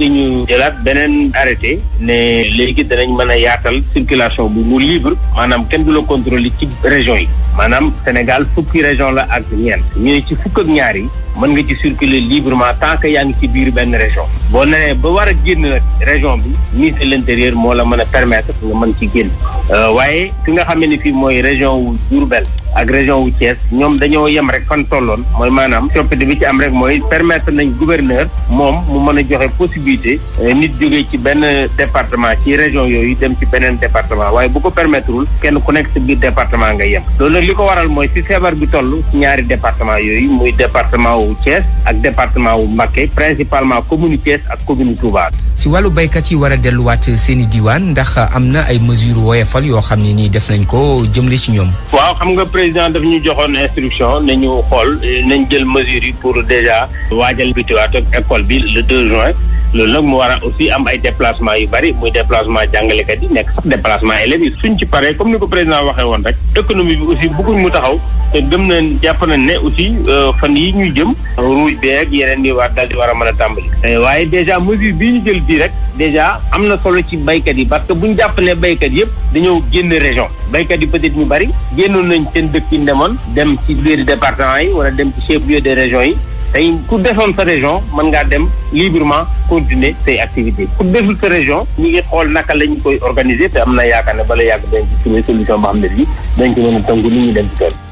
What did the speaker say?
dañu jëlaat beneen arrêté ne léegi danañ mën a yaatal circulation bu mu libre maanaam kenn du la contrôler ci région yi maanaam Sénégal fukki région la ak ñeent ñu ci fukk ak ñaar yi mën nga ci circuler librement tant que yaa ngi ci biir benn région boo nee ba war a génn région bi ministre de l'intérieur moo la mën a permettre nga mën ci génn Euh, waaye ki nga xam ni fii mooy région wu Diourbel ak région wu Thiès ñoom dañoo yem rek fan tolloon mooy maanaam coppite bi ci am rek mooy permettre nañ gouverneur moom mu mën a joxe possibilité euh, nit jógee ci benn département ci région yooyu dem ci beneen département waaye bu ko permettrewul kenn ku nekk si biir département nga yem loolu nag li ko waral mooy fi feebar bi toll ñaari département yooyu muy département wu Thiès ak département wu Mbacké principalement commune ak commune Touba. si wàllu yi war a delluwaat seen i diwaan ndax am woyofal yoo xam ne nii def nañ ko jëmle ci ñoom. waaw xam nga président daf ñu joxoon instruction nañu xool nañ jël mesures yi pour déjà waajal bitiwaat ak école bi le 2 juin. loolu nag mu war a aussi am ay déplacement yu bari muy déplacement jàngalekat yi nekk sax déplacement élèves yi suñ ci paree comme ni ko président waxee woon rek économie bi aussi bëgguñ mu taxaw te gëm nañ jàpp nañ ne aussi euh, fan yi ñuy jëm ruuj beeg yeneen yi war daal di war a mën a tàmbali euh, waaye déjà mesure bii ñu jël bii rek déjà am na solo ci baykat yi parce que bu ñu jàpp ne baykat yëpp dañoo génn région baykat yi peut-être ñu bari génnoon nañ seen dëkk yi demoon dem ci biir département yi wala dem ci chef des régions yi tey ku defoon sa région mën ngaa dem librement continuer say activités ku deful sa région ñu ngi xool naka la koy organiser te am na yaakaar ne bala yàgg dañ ci solution boo xam ne bii dañ ko mën a tënku ni ñu dem ci tool